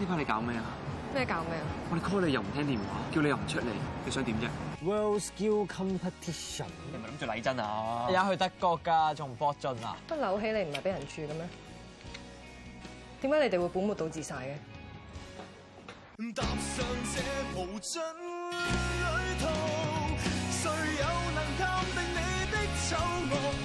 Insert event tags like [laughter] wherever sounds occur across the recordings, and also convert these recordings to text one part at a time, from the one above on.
呢排你搞咩啊？咩搞咩啊？我哋 call 你又唔聽電話，叫你又唔出嚟，你想點啫？World Skill Competition，你係咪諗住嚟真啊？而家去德國噶，仲唔搏盡啊？不扭起你唔係俾人處嘅咩？點解你哋會本末倒置晒嘅？上 [music]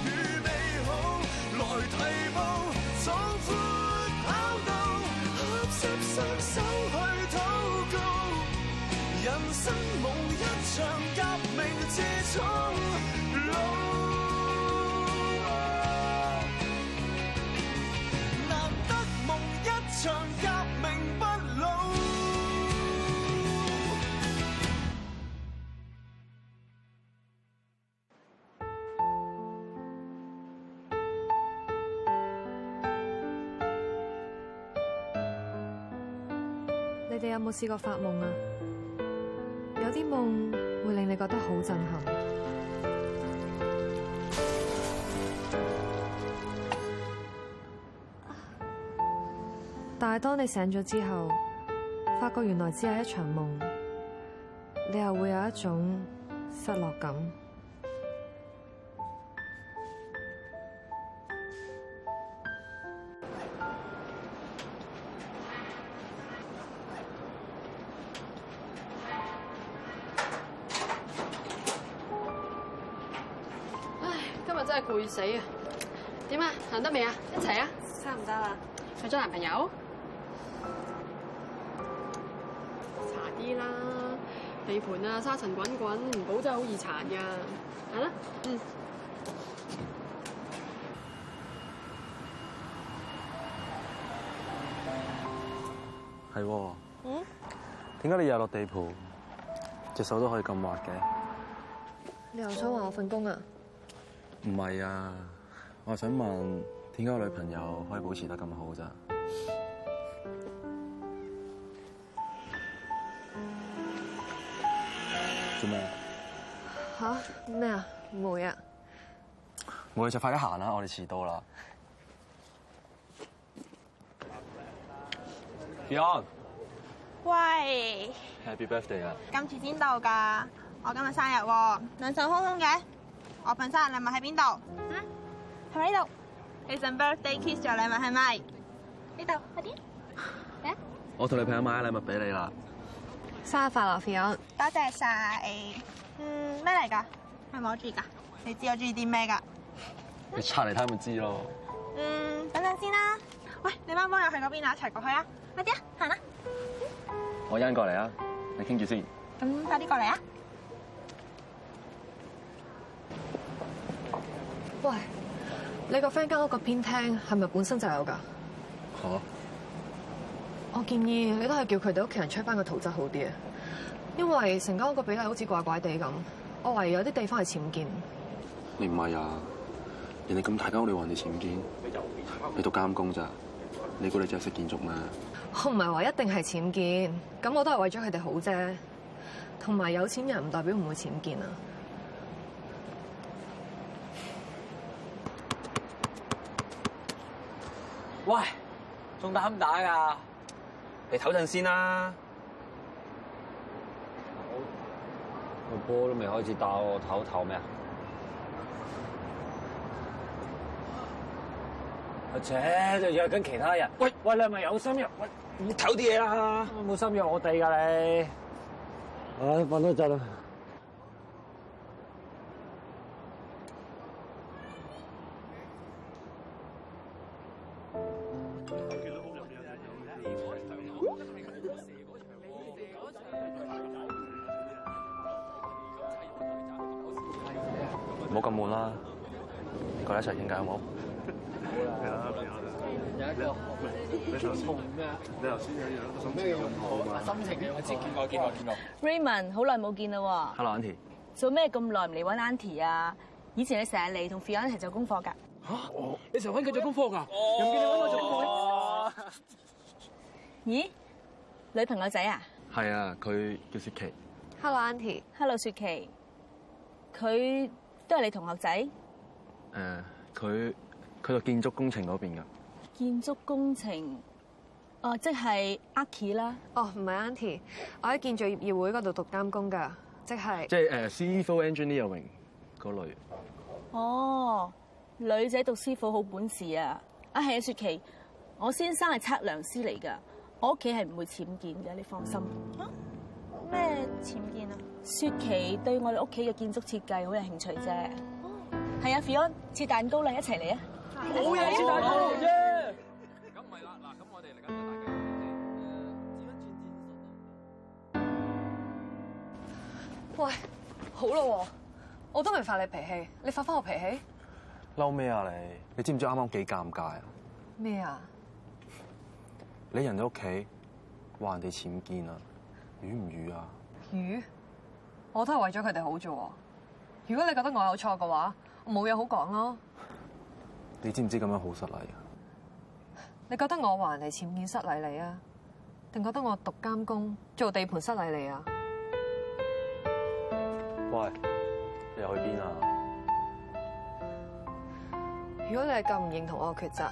你有冇試過發夢啊？有啲夢會令你覺得好震撼，但係當你醒咗之後，發覺原來只係一場夢，你又會有一種失落感。今日真係攰死啊！點啊？行得未啊？一齊啊！差唔多啦。去咗男朋友？搽啲啦，地盤啊，沙塵滾滾，唔補真係好易殘噶。行啦。嗯。係喎。嗯？點解你日落地盤，隻手都可以咁滑嘅？ 你又想話我份工啊？唔係啊，我想問點解我女朋友可以保持得咁好咋？嗯、做咩？吓咩啊？冇啊！我哋就快啲行啦，我哋遲到啦。Fion 喂。Happy birthday 啊！今次先到㗎，我今日生日喎，啊，兩手空空嘅。我份生日禮物喺邊度？係咪呢度？你份 birthday kiss 咗禮物係咪？呢度，快啲。嚟。我同女朋友買禮物俾你啦。生日快樂，Fion< 嗎>！多謝晒。嗯嗎，咩嚟噶？係咪我中意噶？嗎你知我中意啲咩噶？嗎你拆嚟睇下咪知咯。嗯，等陣先啦。喂，你媽幫我去嗰邊啊，一齊過去啊，快啲啊！行啦。我一陣過嚟啊，你傾住先。咁快啲過嚟啊！喂，你個 friend 間屋個偏廳係咪本身就有㗎？嚇、啊！我建議你都係叫佢哋屋企人出翻個圖則好啲啊，因為成間屋個比例好似怪怪地咁，我懷疑有啲地方係僭建。你唔係啊？人哋咁大間屋，你話人哋僭建，建？你讀監工咋？你估你真係識建築咩？我唔係話一定係僭建，咁我都係為咗佢哋好啫。同埋有，有錢人唔代表唔會僭建啊！喂，仲打唔打噶？你唞陣先啦。我波都未開始打，我唞唞咩啊？阿姐，你約緊其他人。喂喂，你係咪有心約？喂，唞啲嘢啦。冇心約我哋噶、啊、你。唉，瞓多陣啦。唔好咁悶啦，過嚟一齊傾偈好唔好？係啦，係啦，有一個，你頭先咩你頭先做咩用唔好心情唔好，我直見過，見過，見過。Raymond，好耐冇見啦 Hello，Auntie。做咩咁耐唔嚟揾 Auntie 啊？以前你成日嚟同 Fion 一齊做功課㗎。嚇！你成日揾佢做功課㗎？又見你揾我做功課？咦？女朋友仔啊？係啊，佢叫雪琪。Hello，Auntie。Hello，雪琪。佢。都係你同學仔？誒、uh,，佢佢讀建築工程嗰邊噶。建築工程，哦、oh,，即係阿 k e 啦。哦，唔係 Auntie，我喺建造業協會嗰度讀監工噶，即係即係誒師、uh, 傅 engineer 嗰類。哦，oh, 女仔讀師傅好本事啊！啊，係啊，雪琪，我先生係測量師嚟噶，我屋企係唔會僭建嘅，你放心。 [noise] 咩僭建啊？雪琪對我哋屋企嘅建築設計好有興趣啫。係啊、嗯，Fion 切蛋糕啦，一齊嚟啊！冇嘢，oh, 切蛋糕啫。咁唔係啦，嗱，咁我哋嚟緊就大計。喂，好啦、啊，我都未發你脾氣，你發翻我脾氣？嬲咩啊你？你知唔知啱啱幾尷尬啊？咩啊？你人哋屋企話人哋僭建啊？語唔語啊？語，我都係為咗佢哋好啫。如果你覺得我有錯嘅話，我冇嘢好講咯。你知唔知咁樣好失禮啊？你覺得我話人哋潛檢失禮你啊？定覺得我讀監工做地盤失禮你啊？喂，你又去邊啊？如果你係咁唔認同我嘅抉擇，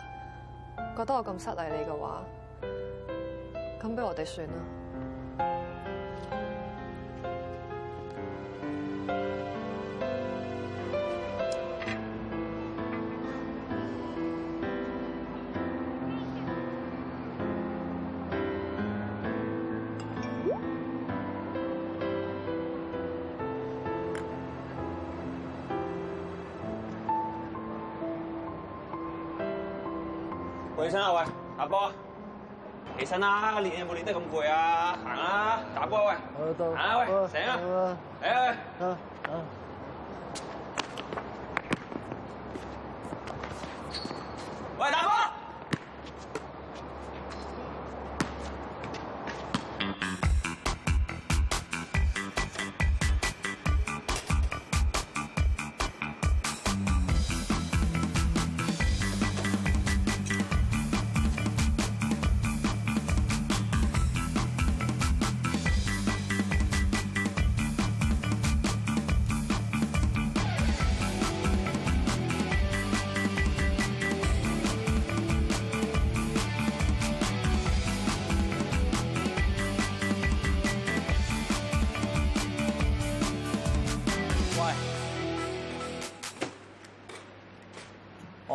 覺得我咁失禮你嘅話，咁俾我哋算啦。嗯衛生啊，喂，阿波、啊。起身啦、啊，練有冇練得咁攰啊？行啦、啊，打波、啊、喂，行啦、啊啊、喂，醒啦，嚟啦。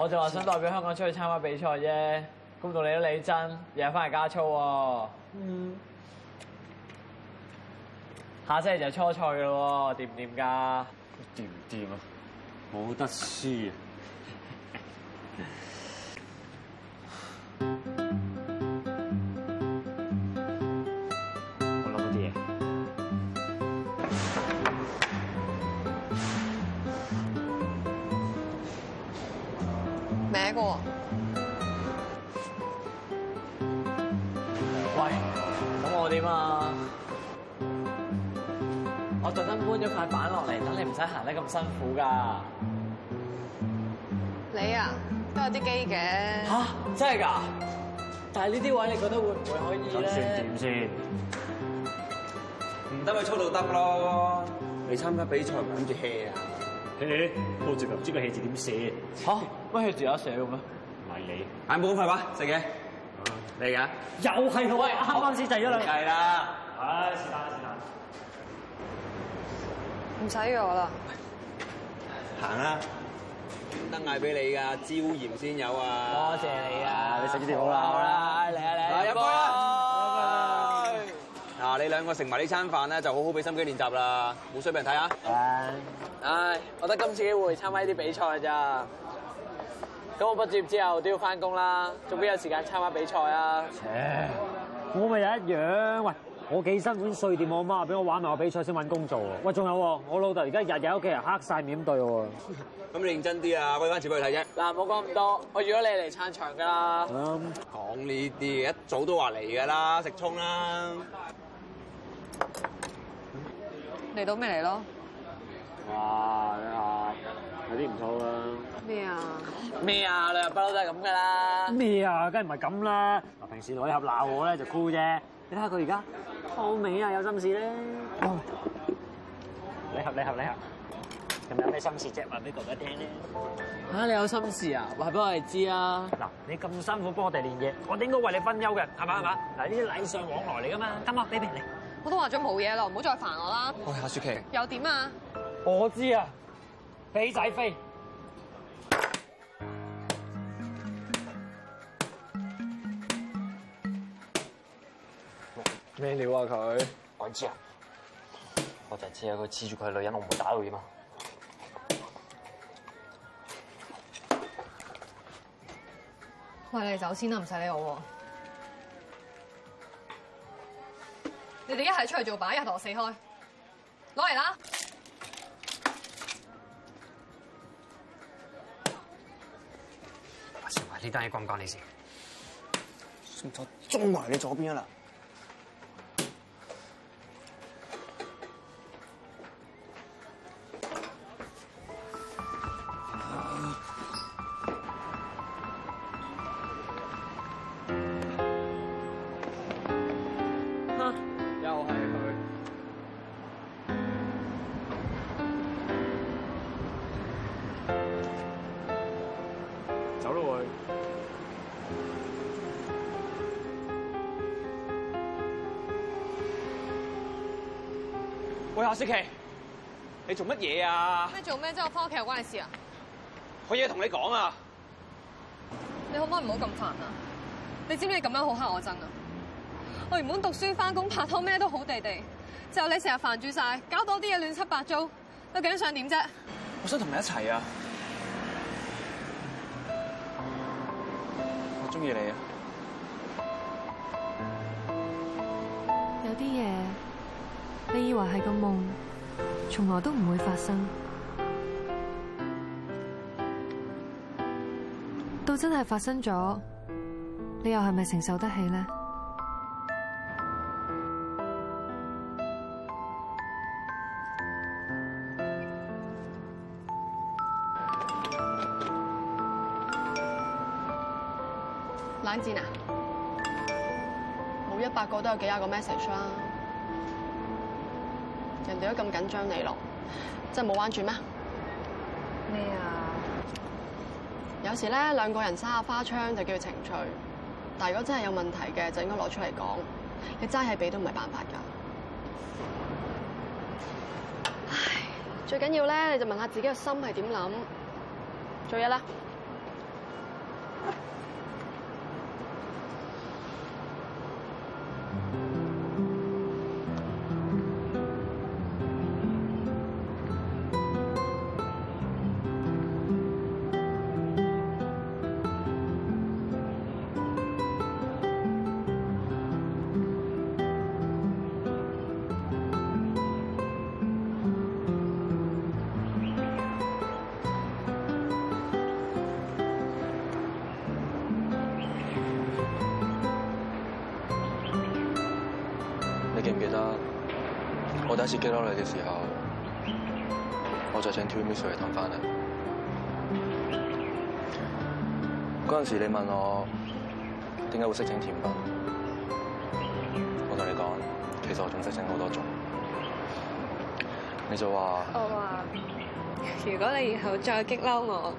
我就話想代表香港出去參加比賽啫，公道你都理真，日日翻嚟加操喎、啊。嗯，下星期就初賽咯喎，掂唔掂㗎？掂唔掂啊？冇得輸啊！ [laughs] [laughs] 寫喂，咁我點啊？我特登搬咗塊板落嚟，等你唔使行得咁辛苦噶。你啊，都有啲機嘅。吓，真係噶？但係呢啲位你覺得會唔會可以咧？咁算點先？唔得咪速度得咯。嚟參加比賽唔係諗住 hea 啊？嘿，高照樓主嘅戲字點寫？吓、啊，乜係自己寫嘅咩？唔係你，眼冇咁廢話，食嘢、uh,。你嚟噶？又係佢。位，啱啱先遞咗兩。係啦，唉，是但，是但，唔使我啦，行啦。得嗌俾你噶，招賢先有啊。多謝你啊，你食呢條好啦。好啦，你兩個食埋呢餐飯咧，就好好俾心機練習啦，冇衰俾人睇下？唉、啊，我覺得今次機會參加呢啲比賽咋？咁我畢業之後都要翻工啦，仲邊有時間參加比賽啊？切、呃，我咪又一樣。喂，我幾辛苦碎掂我媽媽，俾我玩埋個比賽先揾工做喎。喂，仲有我老豆而家日日屋企人黑晒面咁對我喎。咁 [laughs] 你認真啲啊，喂，翻次俾佢睇啫。嗱，唔好講咁多，我預咗你嚟撐場噶啦。講呢啲一早都話嚟噶啦，食葱啦。嚟到咩嚟咯？哇！睇下有啲唔錯啦。咩啊？咩啊？你又不嬲都係咁噶啦？咩啊？梗唔係咁啦！嗱，平時你合鬧我咧就酷啫，你睇下佢而家好明顯啊，有心事咧。你合，你合，你合，咁有咩心事啫？話俾哥哥聽咧？吓，你有心事啊？話俾我哋知啊？嗱，你咁辛苦幫我哋練嘢，我點解為你分憂嘅？係嘛係嘛？嗱，呢啲禮尚往來嚟噶嘛，咁啊，俾平你。我都話咗冇嘢咯，唔好再煩我啦。喂，夏雪琪，又點啊？我知啊，肥仔飛咩料啊？佢我知啊，我就知啊，佢黐住佢嘅女人，我唔會打佢嘛。喂，你哋走先啦，唔使理我。你哋一係出嚟做靶，一係同我死開，攞嚟啦！阿成，啊，呢單嘢關唔關你事？送咗鍾埋你左邊啦～石琪，K，你做乜嘢啊？咩做咩啫？我翻屋企又關你事啊？我嘢同你講啊！你可唔可以唔好咁煩啊？你知唔知你咁樣好吓我憎啊？我原本讀書、翻工、拍拖，咩都好地地，就你成日煩住晒，搞多啲嘢亂七八糟，究竟想點啫？我想同你一齊啊！我中意你啊！有啲嘢。你以為係個夢，從來都唔會發生，到真係發生咗，你又係咪承受得起咧？冷靜！啊，每一百個都有幾廿個 message 啦。人哋都咁緊張你咯，真係冇彎轉咩？咩啊？有時咧，兩個人耍下花槍就叫情趣，但如果真係有問題嘅，就應該攞出嚟講。你齋係俾都唔係辦法㗎。唉，最緊要咧，你就問下自己個心係點諗。做嘢啦。第一次激嬲你嘅時候，我就請 two miss 嚟氹翻你。嗰陣時你問我點解會識整甜品？我同你講，其實我仲識整好多種。你就話，我話如果你以後再激嬲我，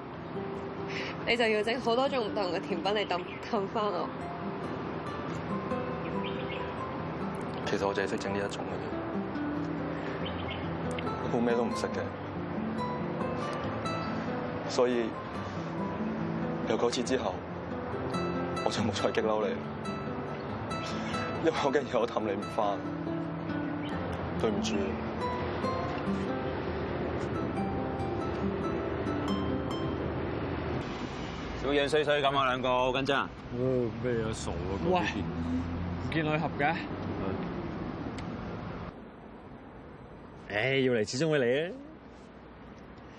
你就要整好多種唔同嘅甜品嚟氹氹翻我。其實我淨係識整呢一種嘅啫。我咩都唔識嘅，所以有嗰次之後，我就冇再激嬲你，因為我驚又氹你唔翻。對唔住，小樣衰衰咁啊，兩個好緊張啊！咩啊傻啊！唔、啊啊啊、喂見女俠嘅？誒，要嚟、hey, 始終會嚟啊！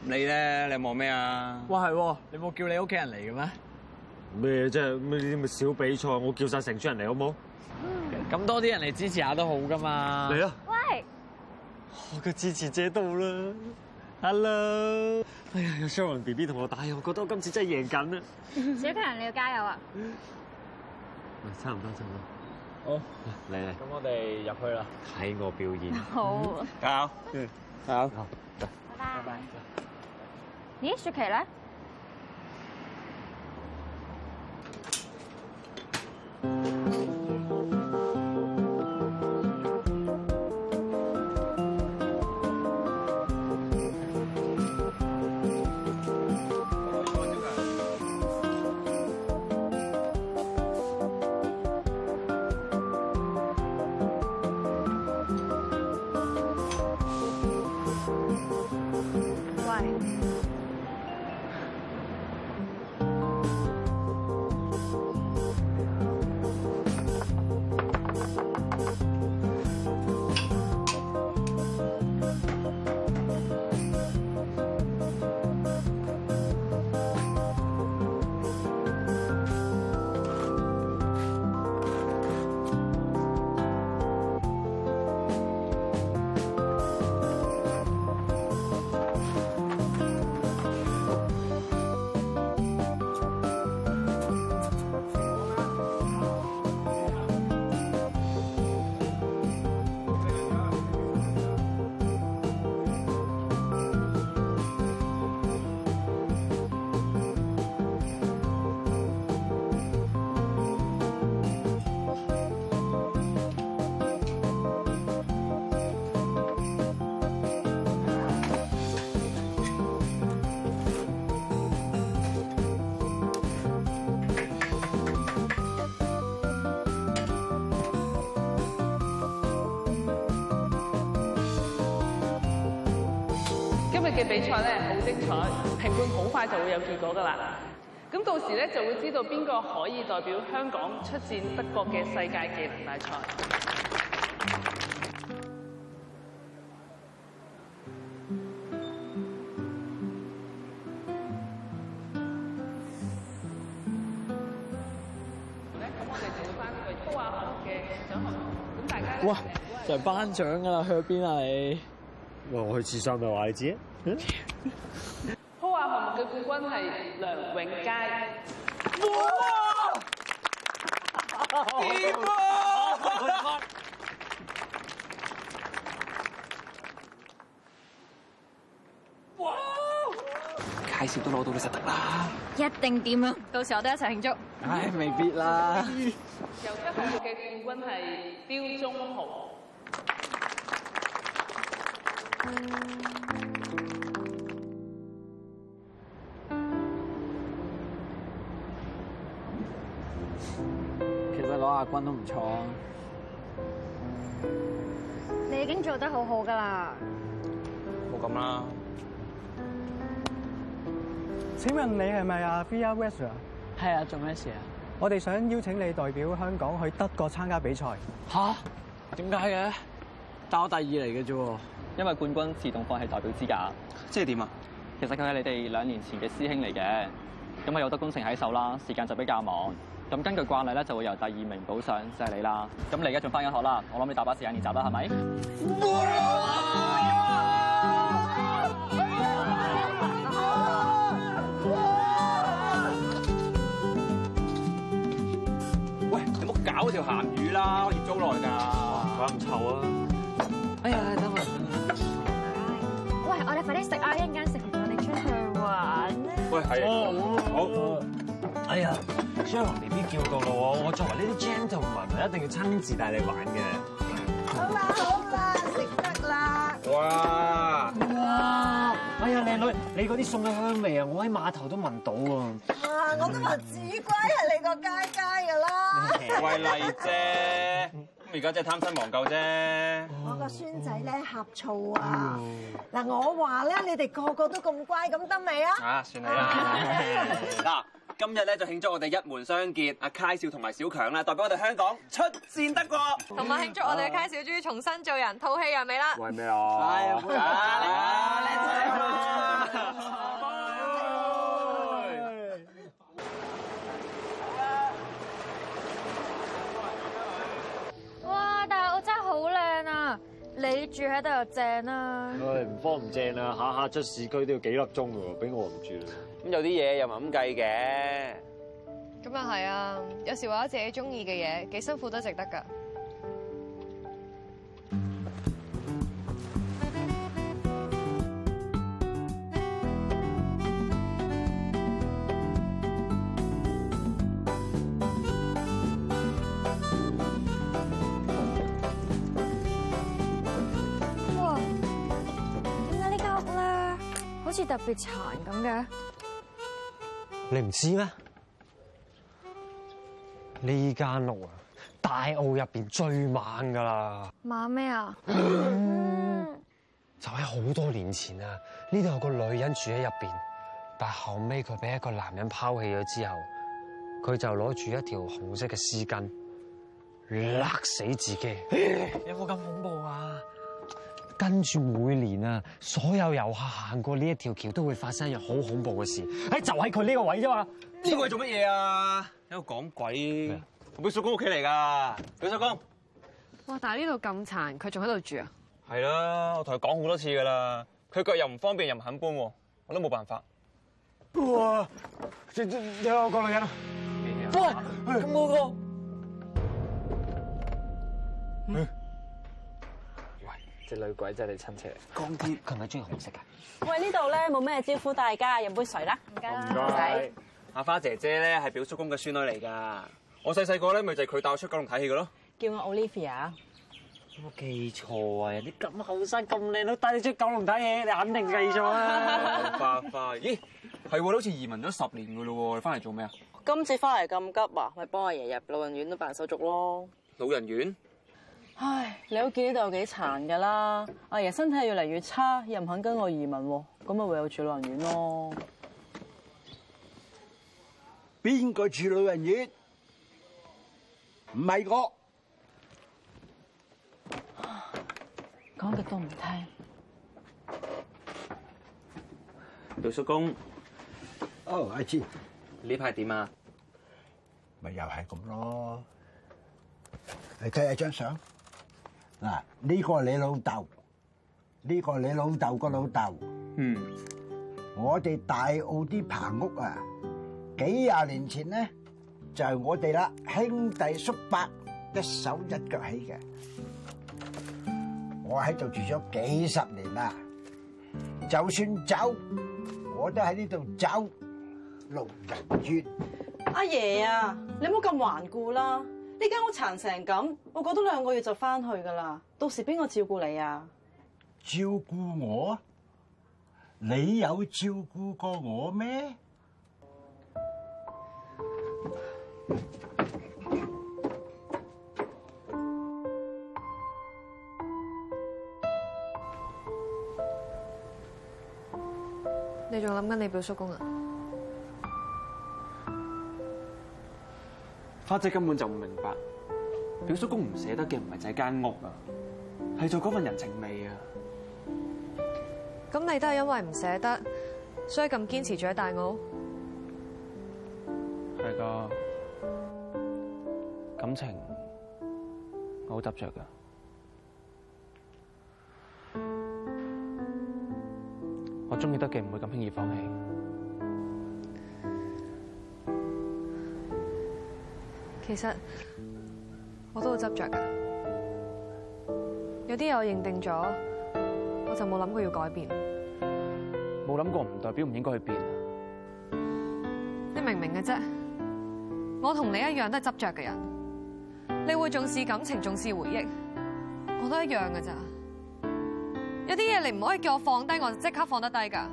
你咧，你望咩啊？哇係，你冇叫你屋企人嚟嘅咩？咩即係咩啲嘅小比賽，我叫晒成村人嚟好冇？咁、嗯、多啲人嚟支持下都好噶嘛。嚟啊了！喂，我嘅支持者到啦！Hello，哎呀，有 Sharon BB 同我打，我覺得我今次真係贏緊啊！小強，你要加油啊！差唔多，差唔多。好嚟嚟，咁、oh，我哋入去啦，睇我表演。好，加油，嗯，加油，好，走，拜拜，拜拜，咦，雪琪咧？嘅比賽咧，好精彩，評判好快就會有結果噶啦。咁到時咧就會知道邊個可以代表香港出戰德國嘅世界技能大賽。咁我哋做翻去高阿康嘅獎項。咁大家，哇，就係頒獎噶啦。去邊啊你？我去廁所咪話你知。鋪畫項目嘅冠軍係梁永佳。哇！點啊！哇！介紹都攞到，你就得啦。一定點啊！到時我哋一齊慶祝。唉，未必啦。又一幅畫嘅冠軍係刁忠豪。嗯。均都唔錯啊！你已經做得好好噶啦，冇咁啦。請問你係咪阿 Fion West 啊？係啊，做咩事啊？我哋想邀請你代表香港去德國參加比賽。吓、啊？點解嘅？但我第二嚟嘅啫。因為冠軍自動放棄代表資格。即係點啊？其實佢係你哋兩年前嘅師兄嚟嘅，咁啊有得功成喺手啦，時間就比較忙。咁根據慣例咧，就會由第二名補上，就係你啦。咁你而家仲返緊學啦，我諗你大把時間練習啦，係咪？喂，你唔好搞嗰條鹹魚啦，醃咗耐㗎，又唔臭啊！哎呀，等我，喂，我哋快啲食啊，一陣間食完我哋出去玩。喂，係，好。哎呀，張紅 BB 叫到咯，我作為呢啲 gentleman 一定要親自帶你玩嘅。好啦好啦，食得啦。哇哇！哎呀，靚女，你嗰啲餸嘅香味啊，我喺碼頭都聞到啊。啊，我都話隻龜係你個佳佳噶啦。貴麗啫，咁而家真係貪新忘舊啫。我個孫仔咧，呷醋啊！嗱，我話咧，你哋個個都咁乖，咁得未啊？啊，算你啦。得！今日咧就慶祝我哋一門相見，阿 Kay 少同埋小強啦，代表我哋香港出戰德國，同埋慶祝我哋 Kay 少終於重新做人，吐氣揚眉啦！喂，咩啊？係啊 l e 你住喺度又正啦，唔慌唔正啦，下下出市區都要幾粒鐘嘅喎，俾我唔住。咁有啲嘢又唔係咁計嘅，咁又係啊！有時為咗自己中意嘅嘢，幾辛苦都值得㗎。殘咁嘅，你唔知咩？呢間屋啊，大澳入邊最猛噶啦！猛咩啊？ [laughs] 就喺好多年前啊，呢度有個女人住喺入邊，但後尾佢俾一個男人拋棄咗之後，佢就攞住一條紅色嘅絲巾勒死自己。 [laughs] 有冇咁恐怖啊？跟住每年啊，所有遊客行過呢一條橋都會發生有好恐怖嘅事，哎，就喺佢呢個位啫嘛。呢個位做乜嘢啊？喺度講鬼。同佢的叔公屋企嚟噶，佢叔公。哇！但係呢度咁殘，佢仲喺度住啊？係啦，我同佢講好多次噶啦，佢腳又唔方便，又唔肯搬，我都冇辦法。哇！有個女人。喂，咁我個。嗯。隻女鬼真係你親戚。江天，佢係咪中意紅色噶？喂，呢度咧，冇咩招呼大家，飲杯水啦，唔該。唔該。阿花姐姐咧係表叔公嘅孫女嚟噶,我細細個咧，咪就係佢帶我出九龍睇戲嘅咯。叫我 Olivia。有冇記錯啊？你咁後生咁靚女帶你出九龍睇戲，你肯定記錯啦。花花，咦，係喎，好似移民咗十年噶咯喎，你翻嚟做咩啊？今次翻嚟咁急啊，咪幫阿爺入老人院都辦手續咯。老人院。唉，你都見得到幾殘噶啦，阿爺身體越嚟越差，又唔肯跟我移民，咁咪唯有住老人院咯。邊個住老人院？唔係我。講極都唔聽。老叔公，哦，阿 J，知。呢排點啊？咪又係咁咯。你睇下張相。嗱，呢個係你老豆，呢個係你老豆個老豆。嗯，我哋大澳啲棚屋啊，幾廿年前咧就係我哋啦，兄弟叔伯一手一腳起嘅。我喺度住咗幾十年啦，就算走我都喺呢度走六日月。阿爺啊，你唔好咁頑固啦～呢間屋殘成咁，我過多兩個月就翻去噶啦，到時邊個照顧你啊？照顧我？你有照顧過我咩？你仲諗緊你表叔公啊？花姐根本就唔明白，表叔公唔捨得嘅唔係淨係間屋啊，係做嗰份人情味啊。咁你都係因為唔捨得，所以咁堅持住喺大澳？係噶的，感情我好執着噶，我中意得嘅唔會咁輕易放棄。其實我都好執着噶，有啲嘢我認定咗，我就冇諗過要改變。冇諗過唔代表唔應該去變。你明唔明嘅啫？我同你一樣都係執着嘅人，你會重視感情，重視回憶，我都一樣噶咋。有啲嘢你唔可以叫我放低，我就即刻放得低噶。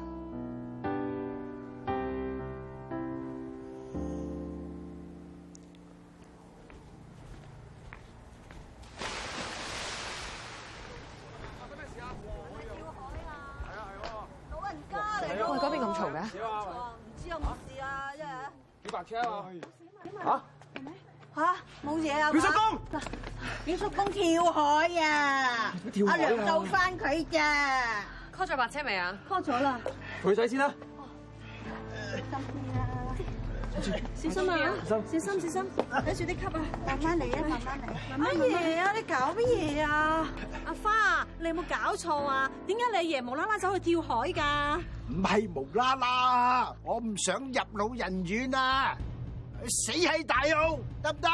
海啊！阿娘救翻佢咋？call 咗白車未啊？call 咗啦。佢使先啦。小心啊！小心啊！小心小心！踩住啲吸啊，慢慢嚟啊，慢慢嚟。乜嘢啊？你搞乜嘢啊？阿花，你有冇搞錯啊？點解你爺無啦啦走去跳海噶？唔係無啦啦，我唔想入老人院啊！死係大澳，得唔得？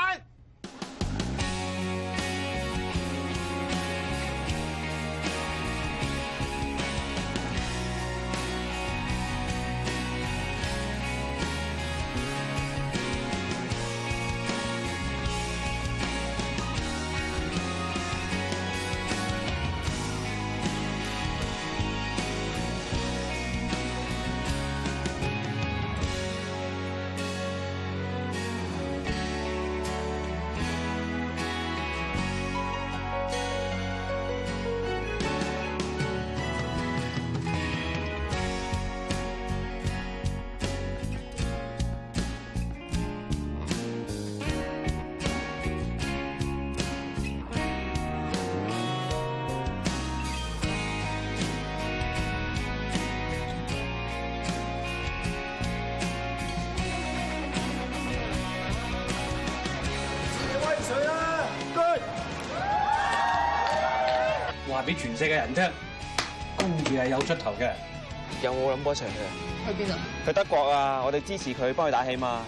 你嘅人啫，工業係有出頭嘅，有冇諗過一齊去啊？去邊度？去德國啊！我哋支持佢，幫佢打氣嘛。